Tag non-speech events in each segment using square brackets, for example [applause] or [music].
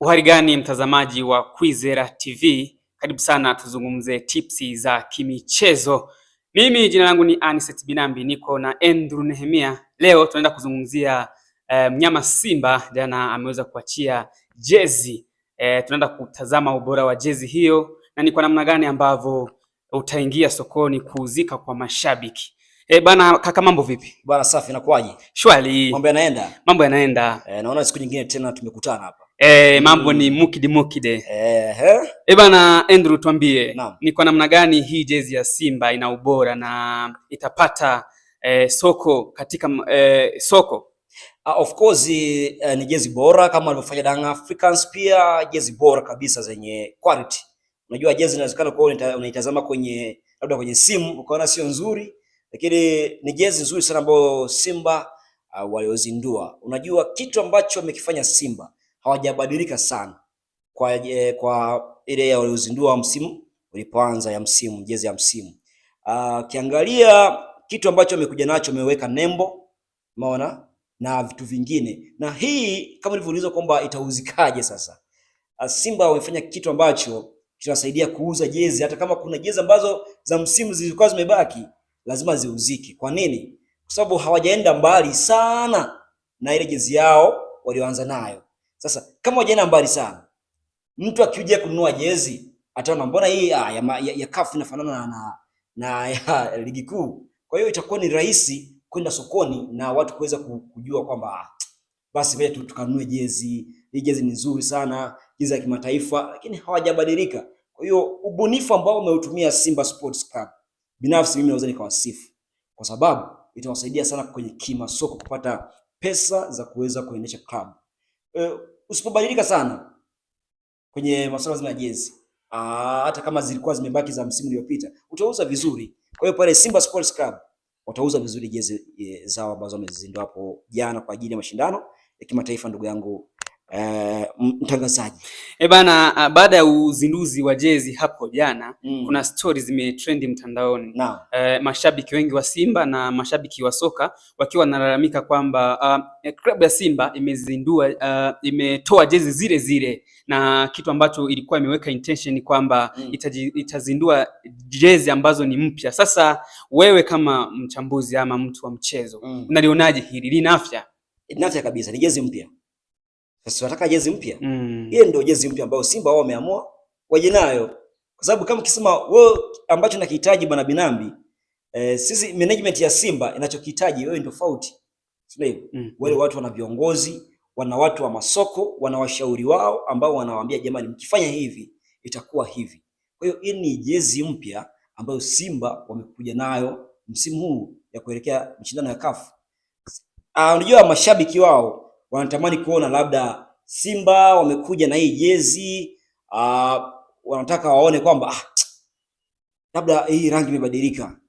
Uhari gani mtazamaji wa Kwizera TV, karibu sana tuzungumze tipsi za kimichezo. Mimi jina langu ni Aniset Binambi, niko na Andrew Nehemia. Leo tunaenda kuzungumzia eh, mnyama Simba jana ameweza kuachia jezi eh, tunaenda kutazama ubora wa jezi hiyo na ni kwa namna gani ambavyo utaingia sokoni kuuzika kwa mashabiki. E, bana kaka, mambo vipi? Bana safi, nakuaje? Shwari. Mambo yanaenda. Mambo yanaenda. E, naona siku nyingine tena tumekutana hapa. E, mambo ni mukidi mukide. Eh bana Andrew, tuambie ni kwa namna gani hii jezi ya Simba ina ubora na itapata eh, soko katika eh, soko Uh, of course uh, ni jezi bora kama alivyofanya Young Africans, pia jezi bora kabisa zenye quality. Unajua jezi inawezekana kwa unaitazama kwenye labda kwenye simu ukaona sio nzuri, lakini ni jezi nzuri sana ambayo Simba uh, waliozindua. Unajua kitu ambacho wamekifanya Simba hawajabadilika sana kwa, eh, kwa ile ya waliozindua msimu ulipoanza ya msimu jezi ya msimu. uh, ah, kiangalia kitu ambacho amekuja nacho ameweka nembo, umeona na vitu vingine, na hii kama nilivyoulizwa kwamba itauzikaje sasa. Ah, Simba wamefanya kitu ambacho kinasaidia kuuza jezi, hata kama kuna jezi ambazo za msimu zilikuwa zimebaki, lazima ziuzike. Kwa nini? Kwa sababu hawajaenda mbali sana na ile jezi yao walioanza nayo. Sasa kama hujaenda mbali sana, mtu akija kununua jezi ataona mbona hii ah, ya, ya, ya kafu inafanana na, na na ya [laughs] ligi kuu. Kwa hiyo itakuwa ni rahisi kwenda sokoni na watu kuweza kujua kwamba ah, basi wewe tu tukanunue jezi hii, jezi ni nzuri sana, jezi ya kimataifa, lakini hawajabadilika. Kwa hiyo ubunifu ambao umeutumia Simba Sports Club, binafsi mimi naweza nikawasifu kwa sababu itawasaidia sana kwenye kimasoko kupata pesa za kuweza kuendesha club. E, usipobadilika sana kwenye masuala ya jezi, ah, hata kama zilikuwa zimebaki za msimu uliopita, utauza vizuri. Kwa hiyo pale Simba Sports Club watauza vizuri jezi eh, zao ambazo wamezindua hapo jana kwa ajili ya mashindano ya kimataifa, ndugu yangu Uh, mtangazaji e bana, ah, baada ya uzinduzi wa jezi hapo jana mm. kuna stori zimetrend mtandaoni no. E, eh, mashabiki wengi wa Simba na mashabiki wa soka wakiwa wanalalamika kwamba uh, klabu ya Simba imezindua uh, imetoa jezi zile zile na kitu ambacho ilikuwa imeweka intention kwamba mm. itazindua jezi ambazo ni mpya. Sasa wewe kama mchambuzi ama mtu wa mchezo mm. unalionaje hili, lina afya? kabisa, ni jezi mpya sasa tunataka jezi mpya. Mm. Ile ndio jezi mpya ambayo Simba wao wameamua waje nayo. Kwa sababu kama ukisema wewe ambacho nakihitaji bwana Binambi, eh, sisi management ya Simba inachokihitaji wewe ndio tofauti. Sio mm. Wale watu wana viongozi, wana watu wa masoko, wana washauri wao ambao wanawaambia jamani, mkifanya hivi itakuwa hivi. Kwa hiyo hii ni jezi mpya ambayo Simba wamekuja nayo msimu huu ya kuelekea mashindano ya CAF. Ah, unajua mashabiki wao wanatamani kuona labda Simba wamekuja na hii jezi uh, wanataka waone kwamba ah, labda hii rangi imebadilika,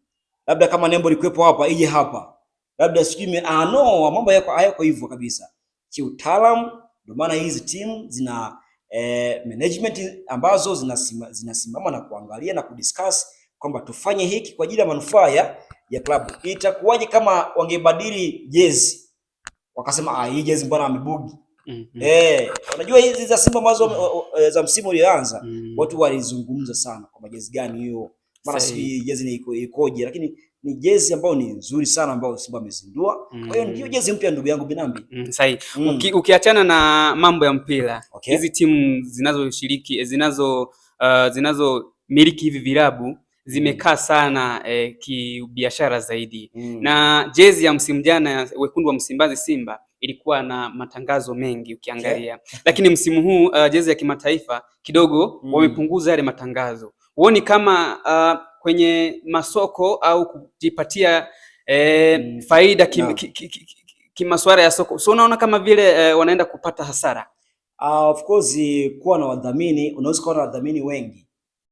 labda kama nembo likuwepo hapa ije hapa, labda sijui ah, no, mambo yako hayako hivyo kabisa kiutaalamu. Ndio maana hizi timu zina eh, management ambazo zinasimama zina na kuangalia na kudiscuss kwamba tufanye hiki kwa ajili ya manufaa ya klabu. Itakuwaje kama wangebadili jezi wakasema ah, hii jezi mbona amebugi. mm -hmm. Eh, unajua hizi za Simba ambazo mm-hmm. eh, za msimu ulioanza mm -hmm. watu walizungumza sana kwa jezi gani hiyo, mara si jezi ni iko ikoje, lakini ni jezi ambayo ni nzuri sana ambayo Simba amezindua. Kwa hiyo ndio mm-hmm. jezi mpya ndugu yangu Binambi. Mm, sahihi. Mm. Uki, ukiachana na mambo ya mpira hizi okay. timu zinazoshiriki eh, zinazo uh, miliki hivi vilabu zimekaa sana eh, kibiashara zaidi mm. na jezi ya msimu jana ya wekundu wa Msimbazi Simba ilikuwa na matangazo mengi ukiangalia, okay. Lakini msimu huu uh, jezi ya kimataifa kidogo mm. wamepunguza yale matangazo. Huoni kama uh, kwenye masoko au kujipatia eh, mm. faida kim, no. ki, ki, ki, ki ya soko, so unaona kama vile eh, wanaenda kupata hasara? Uh, of course kuwa na wadhamini, unaweza kuwa na wadhamini wengi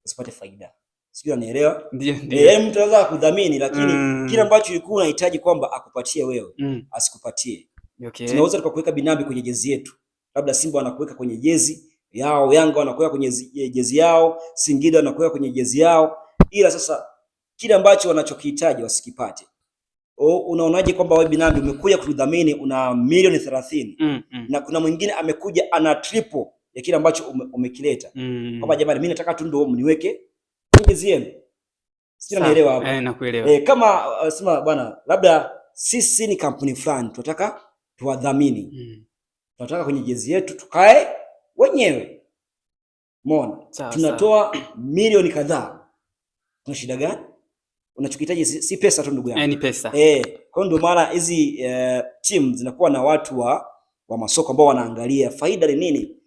usipate faida sijui unanielewa? Ndio, eh, ndio. Yaani mtu anaweza kudhamini lakini mm. kile ambacho ulikuwa unahitaji kwamba akupatie wewe mm. asikupatie. Okay. Tunaweza tukakuweka binabi kwenye jezi yetu. Labda Simba wanakuweka kwenye jezi yao, Yanga wanakuweka kwenye eh, jezi yao, Singida wanakuweka kwenye jezi yao. Ila sasa kile ambacho wanachokihitaji wasikipate. O, unaonaje kwamba wewe binabi umekuja kudhamini una milioni 30 mm, mm. na kuna mwingine amekuja ana triple ya kile ambacho umekileta ume, umekileta. Mm. Kwamba jamani mimi nataka tu ndio mniweke mpenyezienu Sielewa hapo. Eh, nakuelewa. Eh, kama uh, sema bwana, labda sisi ni kampuni fulani tunataka tuwadhamini. Mm. Tunataka kwenye jezi yetu tukae wenyewe. Umeona? Tunatoa milioni kadhaa. Kuna shida gani? Unachokihitaji si pesa tu ndugu yangu. Eh, ni pesa. Eh, kwa ndio maana hizi uh, team zinakuwa na watu wa wa masoko ambao wanaangalia faida ni nini.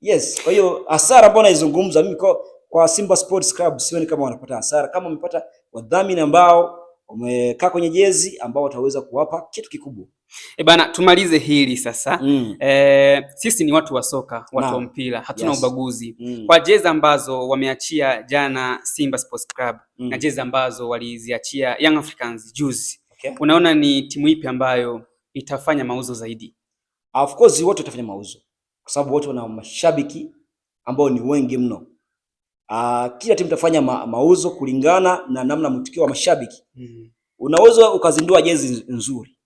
Yes, kwa hiyo hasara ambayo naizungumza mimi kwa kwa Simba Sports Club sioni kama wanapata hasara, kama wamepata wadhamini ambao wamekaa kwenye jezi ambao wataweza kuwapa kitu kikubwa. E bana, tumalize hili sasa. Mm. E, sisi ni watu wa soka, watu wa mpira, hatuna yes, ubaguzi. Mm. Kwa jezi ambazo wameachia jana Simba Sports Club mm, na jezi ambazo waliziachia Young Africans juzi, okay, unaona ni timu ipi ambayo itafanya mauzo zaidi? Of course wote watafanya mauzo kwa sababu wote wana mashabiki ambao ni wengi mno. Uh, kila timu tafanya ma mauzo kulingana na namna mtukio wa mashabiki mm. Unaweza ukazindua jezi nzuri,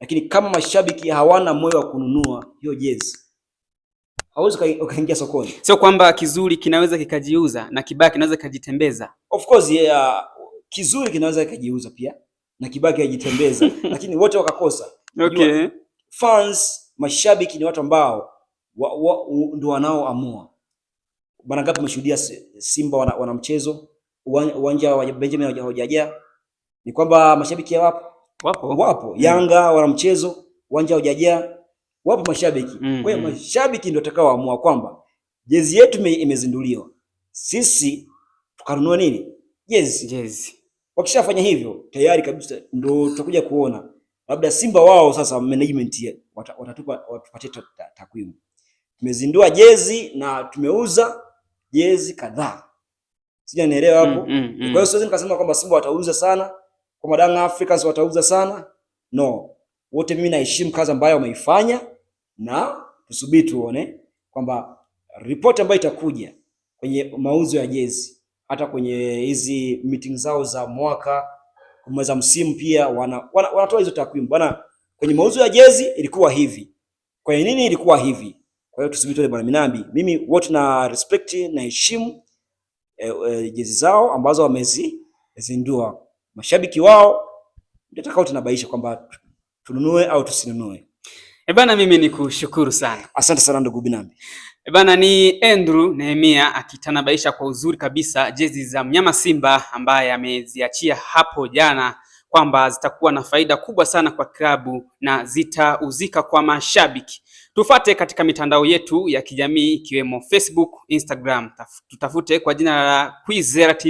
lakini kama mashabiki hawana moyo wa kununua hiyo jezi, hauwezi ukaingia sokoni. Sio kwamba kizuri kinaweza kikajiuza na kibaya kinaweza kikajitembeza. Of course yeah, kizuri kinaweza kikajiuza pia na kibaya kikajitembeza [laughs] lakini wote wakakosa. Okay. Fans, mashabiki ni watu ambao wa, wa, ndio wanaoamua mara ngapi umeshuhudia Simba wana, wana mchezo uwanja wa Benjamin hujajaa? Ni kwamba mashabiki ya wapo wapo, wapo. Mm. Yanga wana mchezo uwanja hujajaa, wapo mashabiki mm -hmm. Kwa hiyo mm. mashabiki ndio atakaoamua kwamba jezi yetu imezinduliwa, sisi tukanunua nini jezi, jezi. Wakishafanya hivyo tayari kabisa ndo tutakuja kuona labda Simba wao sasa management watatupa watupatie takwimu, tumezindua jezi na tumeuza jezi kadhaa, sijanielewa hapo. mm, mm, mm. Kwa hiyo siwezi nikasema kwamba Simba watauza sana, kwa Young Africans watauza sana, no. Wote mimi naheshimu kazi ambayo wameifanya, na tusubiri tuone kwamba ripoti ambayo itakuja kwenye mauzo ya jezi, hata kwenye hizi meeting zao za mwaka mweza msimu pia wanatoa wana, wana hizo takwimu bwana, kwenye mauzo ya jezi ilikuwa hivi, kwenye nini ilikuwa hivi kwa hiyo tusigitore bwana Minambi. Mimi wote na respect na heshimu e, e, jezi zao ambazo wamezizindua. Mashabiki wao ndio atakao tunabaisha kwamba tununue au tusinunue. E bana, mimi kushukuru sana, asante sana ndugu Binambi. E bana, ni Andrew Nehemia akitanabaisha kwa uzuri kabisa jezi za mnyama Simba ambaye ameziachia hapo jana kwamba zitakuwa na faida kubwa sana kwa klabu na zitauzika kwa mashabiki. Tufate katika mitandao yetu ya kijamii ikiwemo Facebook, Instagram. Tutafute kwa jina la Kwizera